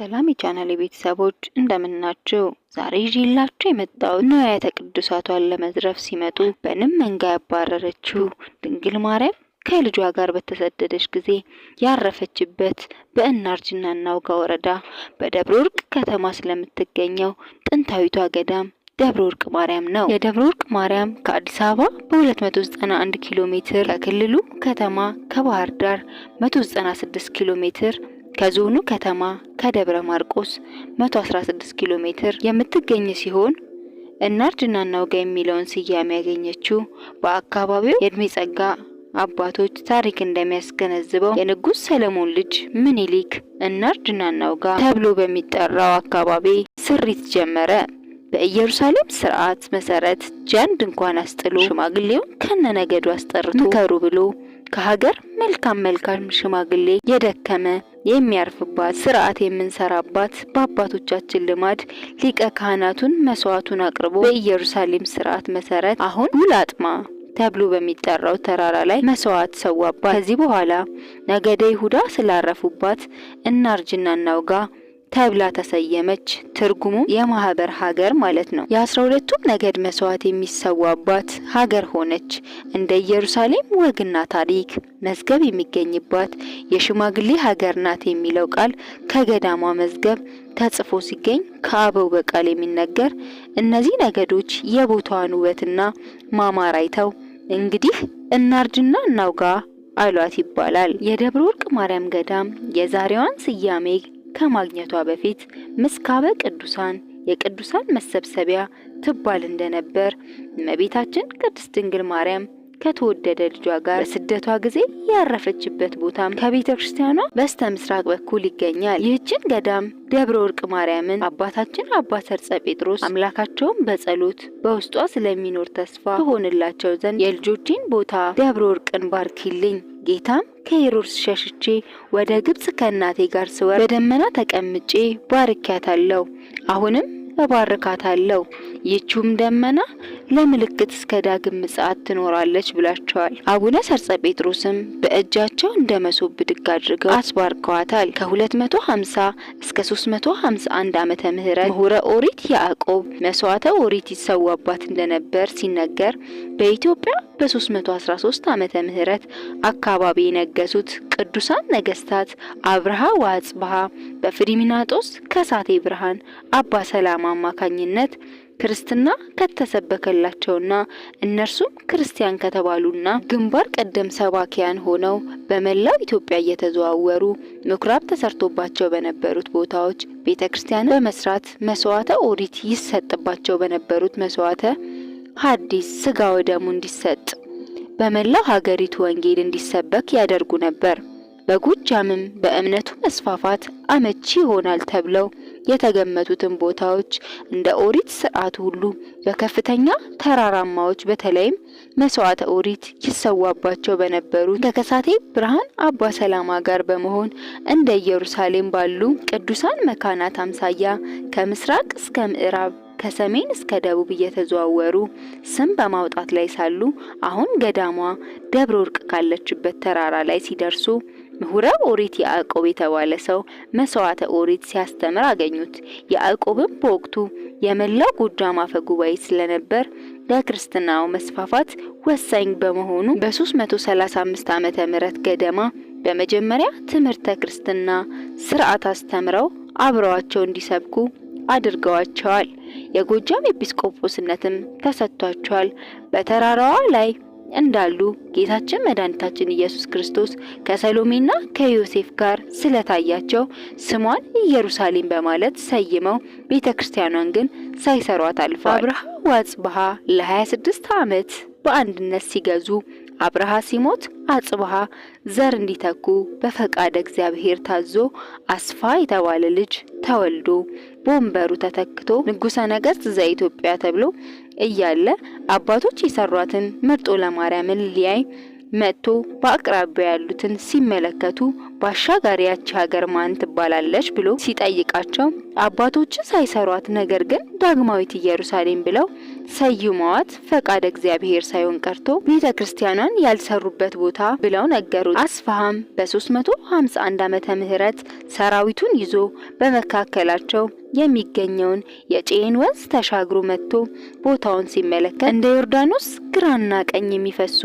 ሰላም የቻናል ቤተሰቦች እንደምን ናችሁ? ዛሬ ይዤላችሁ የመጣሁት ንዋያተ ቅዱሳቷን ለመዝረፍ ሲመጡ በንም መንጋ ያባረረችው ድንግል ማርያም ከልጇ ጋር በተሰደደች ጊዜ ያረፈችበት በእናርጅና እናውጋ ወረዳ በደብረ ወርቅ ከተማ ስለምትገኘው ጥንታዊቷ ገዳም ደብረ ወርቅ ማርያም ነው። የደብረ ወርቅ ማርያም ከአዲስ አበባ በ291 ኪሎ ሜትር ከክልሉ ከተማ ከባህር ዳር 196 ኪሎ ሜትር ከዞኑ ከተማ ከደብረ ማርቆስ 116 ኪሎ ሜትር የምትገኝ ሲሆን እናርጅና እናውጋ የሚለውን ስያሜ ያገኘችው በአካባቢው የእድሜ ጸጋ አባቶች ታሪክ እንደሚያስገነዝበው የንጉሥ ሰለሞን ልጅ ምኒልክ እናርጅና እናውጋ ተብሎ በሚጠራው አካባቢ ስሪት ጀመረ። በኢየሩሳሌም ስርዓት መሰረት ጃን ድንኳን አስጥሎ ሽማግሌውን ከነነገዱ አስጠርቶ ምከሩ ብሎ ከሀገር መልካም መልካም ሽማግሌ የደከመ የሚያርፍባት ስርዓት የምንሰራባት በአባቶቻችን ልማድ ሊቀ ካህናቱን መስዋዕቱን አቅርቦ በኢየሩሳሌም ስርዓት መሰረት አሁን ጉላጥማ ተብሎ በሚጠራው ተራራ ላይ መስዋዕት ሰዋባት። ከዚህ በኋላ ነገደ ይሁዳ ስላረፉባት እናርጅና እናውጋ ተብላ ተሰየመች። ትርጉሙ የማህበር ሀገር ማለት ነው። የአስራ ሁለቱም ነገድ መስዋዕት የሚሰዋባት ሀገር ሆነች። እንደ ኢየሩሳሌም ወግና ታሪክ መዝገብ የሚገኝባት የሽማግሌ ሀገር ናት የሚለው ቃል ከገዳማ መዝገብ ተጽፎ ሲገኝ ከአበው በቃል የሚነገር እነዚህ ነገዶች የቦታዋን ውበትና ማማር አይተው እንግዲህ እናርጅና እናውጋ አሏት ይባላል። የደብረ ወርቅ ማርያም ገዳም የዛሬዋን ስያሜ ከማግኘቷ በፊት ምስካበ ቅዱሳን የቅዱሳን መሰብሰቢያ ትባል እንደነበር እመቤታችን ቅድስት ድንግል ማርያም ከተወደደ ልጇ ጋር በስደቷ ጊዜ ያረፈችበት ቦታም ከቤተ ክርስቲያኗ በስተ ምስራቅ በኩል ይገኛል። ይህችን ገዳም ደብረ ወርቅ ማርያምን አባታችን አባ ሰርጸ ጴጥሮስ አምላካቸውን በጸሎት በውስጧ ስለሚኖር ተስፋ ይሆንላቸው ዘንድ የልጆችን ቦታ ደብረ ወርቅን ባርኪልኝ ጌታም ከሄሮድስ ሸሽቼ ወደ ግብጽ ከእናቴ ጋር ስወር በደመና ተቀምጬ ባርኪያታለሁ። አሁንም እባርካታለሁ። ይቹም ደመና ለምልክት እስከ ዳግም ምጽአት ትኖራለች ብላቸዋል። አቡነ ሰርጸ ጴጥሮስም በእጃቸው እንደ መሶብ ብድግ አድርገው አስባርከዋታል። ከ250 እስከ 351 ዓመተ ምህረት ምሁረ ኦሪት ያዕቆብ መስዋዕተ ኦሪት ይሰዋባት እንደነበር ሲነገር በኢትዮጵያ በ313 ዓመተ ምህረት አካባቢ የነገሱት ቅዱሳን ነገስታት አብርሃ ወአጽብሃ በፍሪሚናጦስ ከሳቴ ብርሃን አባ ሰላማ አማካኝነት ክርስትና ከተሰበከላቸውና እነርሱም ክርስቲያን ከተባሉና ግንባር ቀደም ሰባኪያን ሆነው በመላው ኢትዮጵያ እየተዘዋወሩ ምኩራብ ተሰርቶባቸው በነበሩት ቦታዎች ቤተ ክርስቲያን በመስራት መስዋዕተ ኦሪት ይሰጥባቸው በነበሩት መስዋዕተ ሐዲስ ስጋ ወደሙ እንዲሰጥ በመላው ሀገሪቱ ወንጌል እንዲሰበክ ያደርጉ ነበር። በጎጃምም በእምነቱ መስፋፋት አመቺ ይሆናል ተብለው የተገመቱትን ቦታዎች እንደ ኦሪት ስርዓት ሁሉ በከፍተኛ ተራራማዎች በተለይም መስዋዕተ ኦሪት ይሰዋባቸው በነበሩ ከከሳቴ ብርሃን አባ ሰላማ ጋር በመሆን እንደ ኢየሩሳሌም ባሉ ቅዱሳን መካናት አምሳያ ከምስራቅ እስከ ምዕራብ ከሰሜን እስከ ደቡብ እየተዘዋወሩ ስም በማውጣት ላይ ሳሉ አሁን ገዳሟ ደብረ ወርቅ ካለችበት ተራራ ላይ ሲደርሱ ምሁረ ኦሪት ያዕቆብ የተባለ ሰው መስዋዕተ ኦሪት ሲያስተምር አገኙት። ያዕቆብም በወቅቱ የመላው ጎጃም አፈ ጉባኤ ስለነበር ለክርስትናው መስፋፋት ወሳኝ በመሆኑ በ335 ዓመተ ምህረት ገደማ በመጀመሪያ ትምህርተ ክርስትና ስርዓት አስተምረው አብረዋቸው እንዲሰብኩ አድርገዋቸዋል። የጎጃም ኤጲስቆጶስነትም ተሰጥቷቸዋል። በተራራዋ ላይ እንዳሉ ጌታችን መድኃኒታችን ኢየሱስ ክርስቶስ ከሰሎሜና ከዮሴፍ ጋር ስለታያቸው ስሟን ኢየሩሳሌም በማለት ሰይመው ቤተ ክርስቲያኗን ግን ሳይሰሯት አልፈዋል። አብርሃ ወአጽብሃ ለ26 ዓመት በአንድነት ሲገዙ አብርሃ ሲሞት አጽብሃ ዘር እንዲተኩ በፈቃደ እግዚአብሔር ታዞ አስፋ የተባለ ልጅ ተወልዶ በወንበሩ ተተክቶ ንጉሠ ነገሥት ዘኢትዮጵያ ተብሎ እያለ አባቶች የሰሯትን መርጦ ለማርያምን ሊያይ መጥቶ በአቅራቢያ ያሉትን ሲመለከቱ ባሻጋሪ ሀገር ማን ትባላለች ብሎ ሲጠይቃቸው አባቶች ሳይሰሯት ነገር ግን ዳግማዊት ኢየሩሳሌም ብለው ሰይመዋት ፈቃደ እግዚአብሔር ሳይሆን ቀርቶ ቤተ ክርስቲያኗን ያልሰሩበት ቦታ ብለው ነገሩት። አስፋሃም በ351 ዓመተ ምህረት ሰራዊቱን ይዞ በመካከላቸው የሚገኘውን የጭን ወንዝ ተሻግሮ መጥቶ ቦታውን ሲመለከት እንደ ዮርዳኖስ ግራና ቀኝ የሚፈሱ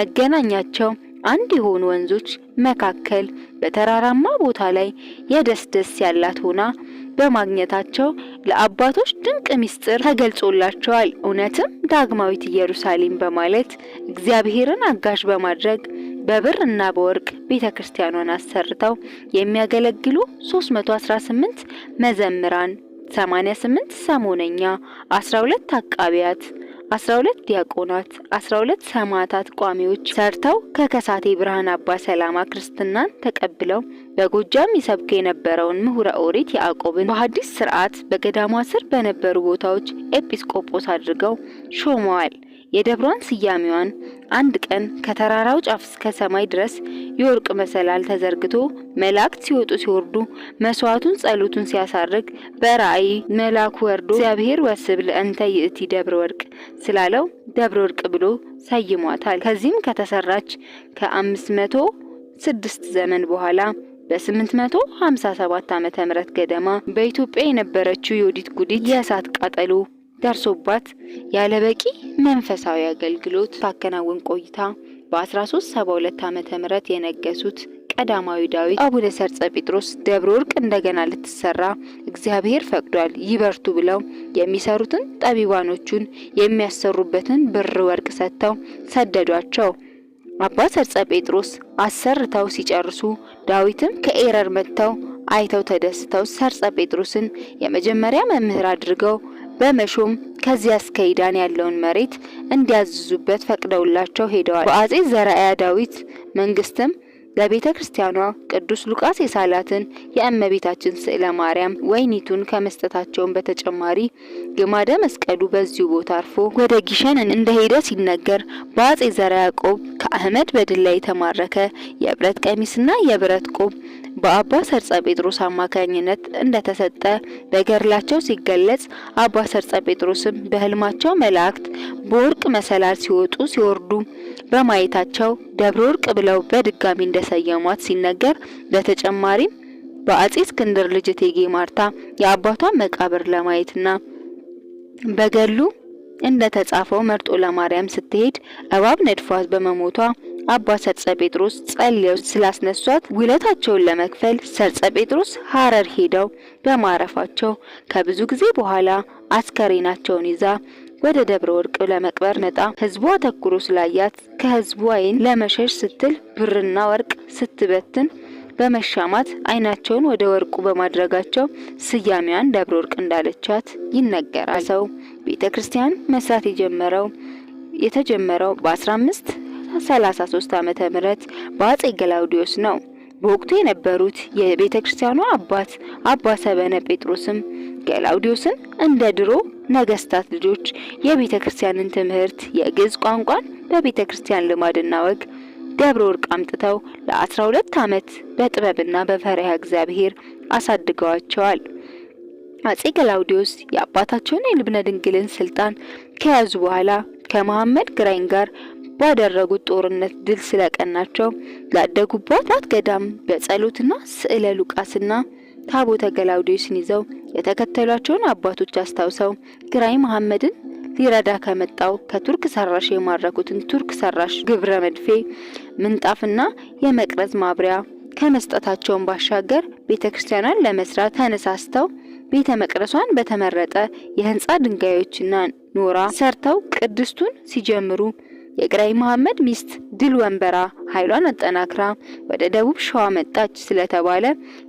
መገናኛቸው አንድ የሆኑ ወንዞች መካከል በተራራማ ቦታ ላይ የደስ ደስ ያላት ሆና በማግኘታቸው ለአባቶች ድንቅ ምስጢር ተገልጾላቸዋል። እውነትም ዳግማዊት ኢየሩሳሌም በማለት እግዚአብሔርን አጋዥ በማድረግ በብር እና በወርቅ ቤተ ክርስቲያኗን አሰርተው የሚያገለግሉ 318 መዘምራን፣ 88 ሰሞነኛ፣ 12 አቃቢያት ሁለት ዲያቆናት፣ 12 ሰማዕታት ቋሚዎች ሰርተው ከከሳቴ ብርሃን አባ ሰላማ ክርስትናን ተቀብለው በጎጃም ይሰብክ የነበረውን ምሁረ ኦሪት ያዕቆብን በሐዲስ ስርዓት በገዳማ ስር በነበሩ ቦታዎች ኤጲስቆጶስ አድርገው ሾመዋል። የደብሯን ስያሜዋን አንድ ቀን ከተራራው ጫፍ እስከ ሰማይ ድረስ የወርቅ መሰላል ተዘርግቶ መላእክት ሲወጡ ሲወርዱ መስዋዕቱን ጸሎቱን ሲያሳርግ በራእይ መልአኩ ወርዶ እግዚአብሔር ወስብ ለእንተ ይእቲ ደብረ ወርቅ ስላለው ደብረ ወርቅ ብሎ ሰይሟታል። ከዚህም ከተሰራች ከአምስት መቶ ስድስት ዘመን በኋላ በ857 ዓመተ ምህረት ገደማ በኢትዮጵያ የነበረችው የወዲት ጉዲት የእሳት ቃጠሎ ደርሶባት ያለ በቂ መንፈሳዊ አገልግሎት ታከናውን ቆይታ በ1372 ዓ ም የነገሱት ቀዳማዊ ዳዊት አቡነ ሰርጸ ጴጥሮስ ደብረ ወርቅ እንደገና ልትሰራ እግዚአብሔር ፈቅዷል፣ ይበርቱ ብለው የሚሰሩትን ጠቢባኖቹን የሚያሰሩበትን ብር ወርቅ ሰጥተው ሰደዷቸው። አባ ሰርጸ ጴጥሮስ አሰርተው ሲጨርሱ ዳዊትም ከኤረር መጥተው አይተው ተደስተው ሰርጸ ጴጥሮስን የመጀመሪያ መምህር አድርገው በመሾም ከዚያ እስከ ኢዳን ያለውን መሬት እንዲያዝዙበት ፈቅደውላቸው ሄደዋል። በአጼ ዘራያ ዳዊት መንግስትም ለቤተ ክርስቲያኗ ቅዱስ ሉቃስ የሳላትን የእመቤታችን ስዕለ ማርያም ወይኒቱን ከመስጠታቸውን በተጨማሪ ግማደ መስቀሉ በዚሁ ቦታ አርፎ ወደ ጊሸን እንደሄደ ሲነገር በአጼ ዘርዓ ያዕቆብ ከአህመድ በድላ የተማረከ የብረት ቀሚስና የብረት ቆብ በአባ ሰርጸ ጴጥሮስ አማካኝነት እንደተሰጠ በገድላቸው ሲገለጽ፣ አባ ሰርጸ ጴጥሮስም በህልማቸው መላእክት በወርቅ መሰላል ሲወጡ ሲወርዱ በማየታቸው ደብረ ወርቅ ብለው በድጋሚ እንደሰየሟት ሲነገር፣ በተጨማሪም በአጼ እስክንድር ልጅ እቴጌ ማርታ የአባቷን መቃብር ለማየትና በገሉ እንደተጻፈው መርጦ ለማርያም ስትሄድ እባብ ነድፏት በመሞቷ አባ ሰርጸ ጴጥሮስ ጸልየው ስላስነሷት ውለታቸውን ለመክፈል ሰርጸ ጴጥሮስ ሐረር ሄደው በማረፋቸው ከብዙ ጊዜ በኋላ አስከሬናቸውን ይዛ ወደ ደብረ ወርቅ ለመቅበር መጣ። ህዝቡ አተኩሮ ስላያት ከህዝቡ አይን ለመሸሽ ስትል ብርና ወርቅ ስትበትን በመሻማት አይናቸውን ወደ ወርቁ በማድረጋቸው ስያሜዋን ደብረ ወርቅ እንዳለቻት ይነገራል። ሰው ቤተ ክርስቲያን መስራት የጀመረው የተጀመረው በ15 33 ዓመተ ምህረት በአጼ ገላውዲዮስ ነው። በወቅቱ የነበሩት የቤተ አባት አባ ሰበነ ጴጥሮስም ገላውዲዮስን እንደ ድሮ ነገስታት ልጆች የቤተ ክርስቲያንን ትምህርት የግዕዝ ቋንቋን በቤተ ክርስቲያን ልማድና ወግ ደብረ ወርቅ አምጥተው ለ12 ዓመት በጥበብና በፈሪሃ እግዚአብሔር አሳድገዋቸዋል። አጼ ገላውዲዮስ የአባታቸውን የልብነ ድንግልን ስልጣን ከያዙ በኋላ ከመሐመድ ግራኝ ጋር ባደረጉት ጦርነት ድል ስለቀናቸው ላደጉባት አትገዳም በጸሎትና ስዕለ ሉቃስና ታቦተ ገላውዴዎስን ይዘው የተከተሏቸውን አባቶች አስታውሰው ግራኝ መሐመድን ሊረዳ ከመጣው ከቱርክ ሰራሽ የማረኩትን ቱርክ ሰራሽ ግብረ መድፌ ምንጣፍና የመቅረዝ ማብሪያ ከመስጠታቸውን ባሻገር ቤተ ክርስቲያኗን ለመስራት ተነሳስተው ቤተ መቅደሷን በተመረጠ የህንፃ ድንጋዮችና ኖራ ሰርተው ቅድስቱን ሲጀምሩ የግራይ መሐመድ ሚስት ድል ወንበራ ኃይሏን አጠናክራ ወደ ደቡብ ሸዋ መጣች ስለተባለ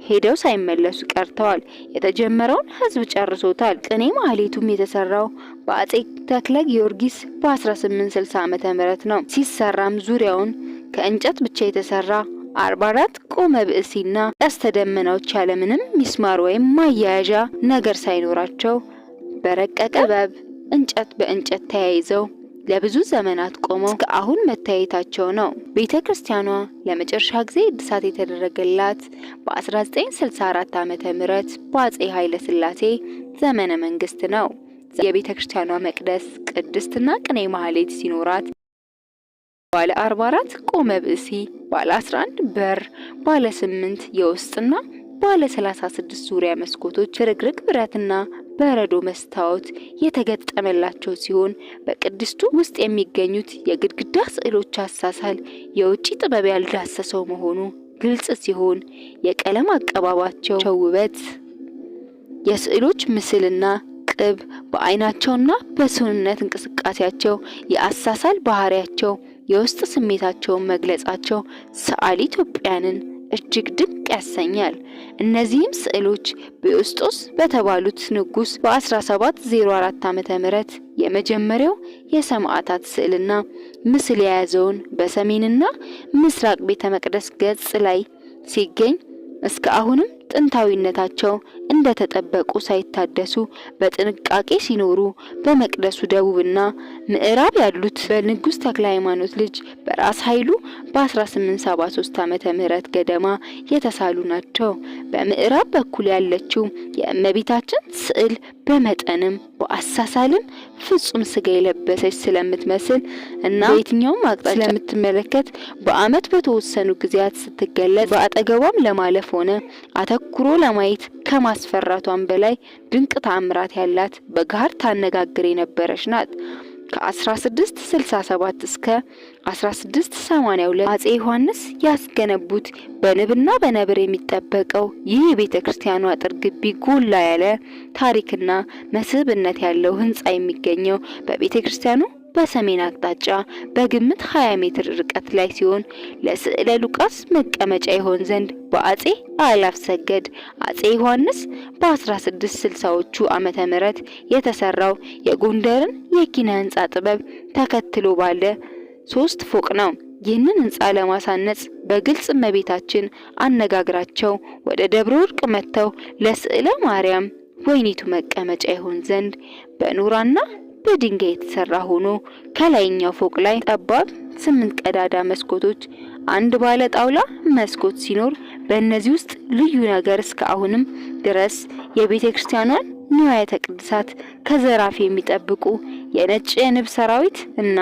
ሄደው ሳይመለሱ ቀርተዋል። የተጀመረውን ህዝብ ጨርሶታል። ቅኔ ማህሌቱም የተሰራው በአጼ ተክለ ጊዮርጊስ በ1860 ዓ.ም ነው። ሲሰራም ዙሪያውን ከእንጨት ብቻ የተሰራ 44 ቆመ ብእሲና ቀስተ ደመናዎች ያለምንም ሚስማር ወይም ማያያዣ ነገር ሳይኖራቸው በረቀቀ ጥበብ እንጨት በእንጨት ተያይዘው ለብዙ ዘመናት ቆመው እስከ አሁን መታየታቸው ነው። ቤተ ክርስቲያኗ ለመጨረሻ ጊዜ እድሳት የተደረገላት በ1964 ዓ ም በአጼ ኃይለ ስላሴ ዘመነ መንግስት ነው። የቤተ ክርስቲያኗ መቅደስ ቅድስትና ቅኔ ማህሌት ሲኖራት ባለ 44 ቆመ ብእሲ፣ ባለ 11 በር፣ ባለ 8 የውስጥና ባለ 36 ዙሪያ መስኮቶች ፍርግርግ ብረትና በረዶ መስታወት የተገጠመላቸው ሲሆን በቅድስቱ ውስጥ የሚገኙት የግድግዳ ስዕሎች አሳሳል የውጭ ጥበብ ያልዳሰሰው መሆኑ ግልጽ ሲሆን የቀለም አቀባባቸው ውበት የስዕሎች ምስልና ቅብ በአይናቸውና በሰውነት እንቅስቃሴያቸው የአሳሳል ባህሪያቸው የውስጥ ስሜታቸውን መግለጻቸው ሰዓሊ ኢትዮጵያንን እጅግ ድንቅ ያሰኛል። እነዚህም ስዕሎች በዮስጦስ በተባሉት ንጉስ በ1704 ዓ ም የመጀመሪያው የሰማዕታት ስዕልና ምስል የያዘውን በሰሜንና ምስራቅ ቤተ መቅደስ ገጽ ላይ ሲገኝ እስከ አሁንም ጥንታዊነታቸው እንደተጠበቁ ሳይታደሱ በጥንቃቄ ሲኖሩ በመቅደሱ ደቡብና ምዕራብ ያሉት በንጉስ ተክለ ሃይማኖት ልጅ በራስ ኃይሉ በ1873 ዓመተ ምህረት ገደማ የተሳሉ ናቸው። በምዕራብ በኩል ያለችው የእመቤታችን ስዕል በመጠንም በአሳሳልም ፍጹም ስጋ የለበሰች ስለምትመስል እና በየትኛውም አቅጣጫ ስለምትመለከት በአመት በተወሰኑ ጊዜያት ስትገለጽ በአጠገቧም ለማለፍ ሆነ አተኩሮ ለማየት ከማስፈራቷም በላይ ድንቅ ተአምራት ያላት በጋር ታነጋግር የነበረች ናት። ከ1667 እስከ 1682 አጼ ዮሐንስ ያስገነቡት በንብና በነብር የሚጠበቀው ይህ የቤተ ክርስቲያኑ አጥር ግቢ ጎላ ያለ ታሪክና መስህብነት ያለው ህንፃ የሚገኘው በቤተ ክርስቲያኑ በሰሜን አቅጣጫ በግምት 20 ሜትር ርቀት ላይ ሲሆን ለስዕለ ሉቃስ መቀመጫ ይሆን ዘንድ በአጼ አላፍ ሰገድ አጼ ዮሐንስ በ1660ዎቹ ዓመተ ምህረት የተሰራው የጎንደርን የኪነ ህንጻ ጥበብ ተከትሎ ባለ ሶስት ፎቅ ነው። ይህንን ህንጻ ለማሳነጽ በግልጽ እመቤታችን አነጋግራቸው ወደ ደብረ ወርቅ መጥተው ለስዕለ ማርያም ወይኒቱ መቀመጫ ይሆን ዘንድ በኑራና በድንጋይ የተሰራ ሆኖ ከላይኛው ፎቅ ላይ ጠባብ ስምንት ቀዳዳ መስኮቶች፣ አንድ ባለ ጣውላ መስኮት ሲኖር በእነዚህ ውስጥ ልዩ ነገር እስከ አሁንም ድረስ የቤተ ክርስቲያኗን ንዋያተ ቅድሳት ከዘራፍ የሚጠብቁ የነጭ የንብ ሰራዊት እና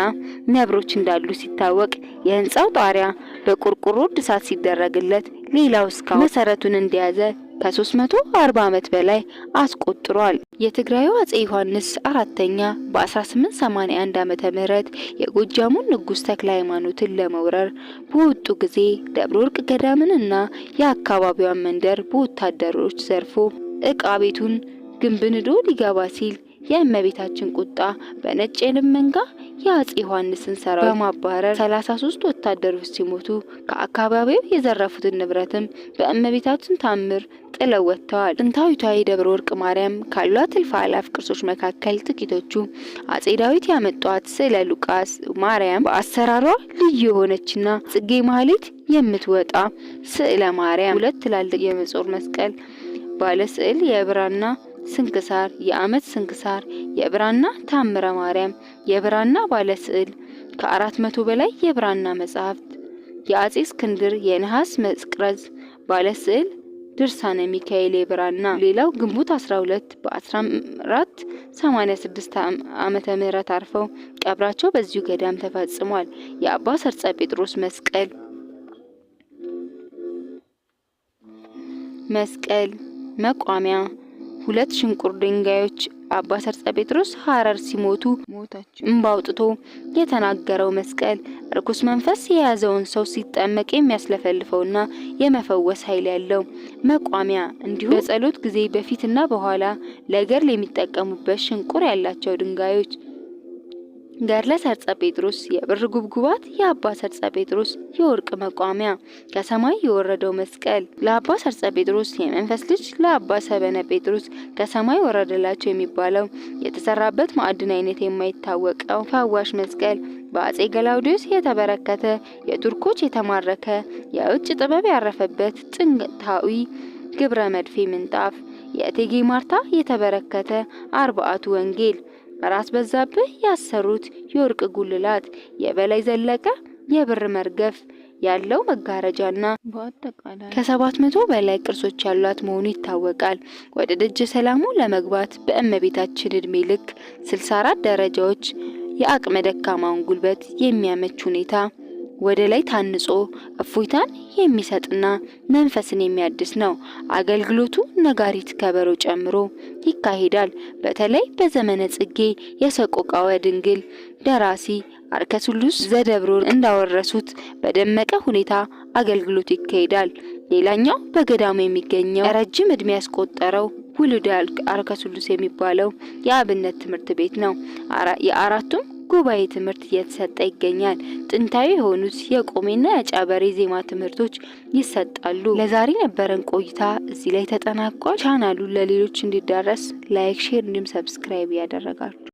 ነብሮች እንዳሉ ሲታወቅ የህንፃው ጣሪያ በቆርቆሮ እድሳት ሲደረግለት ሌላው እስካሁን መሰረቱን እንደያዘ ከ340 ዓመት በላይ አስቆጥሯል። የትግራዩ አጼ ዮሐንስ አራተኛ በ1881 ዓመተ ምህረት የጎጃሙን ንጉስ ተክለ ሃይማኖትን ለመውረር በወጡ ጊዜ ደብረ ወርቅ ገዳምንና የአካባቢዋን መንደር በወታደሮች ዘርፎ እቃ ቤቱን ግንብ ንዶ ሊገባ ሲል የእመቤታችን ቁጣ በነጭ የልም መንጋ የአፄ ዮሐንስን ሰራዊት በማባረር 33 ወታደሮች ሲሞቱ ከአካባቢው የዘረፉትን ንብረትም በእመቤታችን ታምር ጥለው ወጥተዋል። ጥንታዊቷ የደብረ ወርቅ ማርያም ካሏት እልፍ አላፍ ቅርሶች መካከል ጥቂቶቹ አፄ ዳዊት ያመጧት ስዕለ ሉቃስ ማርያም በአሰራሯ ልዩ የሆነችና ጽጌ ማህሌት የምትወጣ ስዕለ ማርያም፣ ሁለት ትላልቅ የመጾር መስቀል ባለ ስዕል የብራና ስንክሳር፣ የዓመት ስንክሳር፣ የብራና ታምረ ማርያም፣ የብራና ባለ ስዕል ከአራት መቶ በላይ የብራና መጽሐፍት፣ የአጼ እስክንድር የነሐስ ባለ ስዕል ድርሳነ ሚካኤል የብራና ሌላው ግንቦት 12 በ1486 ዓመተ ምህረት አርፈው ቀብራቸው በዚሁ ገዳም ተፈጽሟል። የአባ ሰርጸ ጴጥሮስ መስቀል መስቀል መቋሚያ ሁለት ሽንቁር ድንጋዮች አባ ሰርጸ ጴጥሮስ ሐረር ሲሞቱ ሞታቸው እምባ የተናገረው መስቀል ርኩስ መንፈስ የያዘውን ሰው ሲጠመቅ የሚያስለፈልፈውና የመፈወስ ኃይል ያለው መቋሚያ፣ እንዲሁም በጸሎት ጊዜ በፊትና በኋላ ለገድል የሚጠቀሙበት ሽንቁር ያላቸው ድንጋዮች ገድለ ሰርጸ ጴጥሮስ የብር ጉብጉባት የአባ ሰርጸ ጴጥሮስ የወርቅ መቋሚያ ከሰማይ የወረደው መስቀል ለአባ ሰርጸ ጴጥሮስ የመንፈስ ልጅ ለአባ ሰበነ ጴጥሮስ ከሰማይ ወረደላቸው የሚባለው የተሰራበት ማዕድን አይነት የማይታወቀው ፈዋሽ መስቀል በአጼ ገላውዲዮስ የተበረከተ የቱርኮች የተማረከ የውጭ ጥበብ ያረፈበት ጥንታዊ ግብረ መድፌ ምንጣፍ የእቴጌ ማርታ የተበረከተ አርባአቱ ወንጌል በራስ በዛብህ ያሰሩት የወርቅ ጉልላት፣ የበላይ ዘለቀ የብር መርገፍ ያለው መጋረጃና በአጠቃላይ ከሰባት መቶ በላይ ቅርሶች ያሏት መሆኑ ይታወቃል። ወደ ደጀ ሰላሙ ለመግባት በእመቤታችን እድሜ ልክ 64 ደረጃዎች የአቅመ ደካማውን ጉልበት የሚያመች ሁኔታ ወደ ላይ ታንጾ እፎይታን የሚሰጥና መንፈስን የሚያድስ ነው። አገልግሎቱ ነጋሪት ከበሮ ጨምሮ ይካሄዳል። በተለይ በዘመነ ጽጌ የሰቆቃወ ድንግል ደራሲ አርከስሉስ ዘደብሮ እንዳወረሱት በደመቀ ሁኔታ አገልግሎት ይካሄዳል። ሌላኛው በገዳሙ የሚገኘው ረጅም እድሜ ያስቆጠረው ውሉደ አርከስሉስ የሚባለው የአብነት ትምህርት ቤት ነው። የአራቱም ጉባኤ ትምህርት እየተሰጠ ይገኛል። ጥንታዊ የሆኑት የቆሜና የጫበሬ ዜማ ትምህርቶች ይሰጣሉ። ለዛሬ ነበረን ቆይታ እዚህ ላይ ተጠናቋል። ቻናሉን ለሌሎች እንዲዳረስ ላይክ፣ ሼር እንዲሁም ሰብስክራይብ ያደረጋል።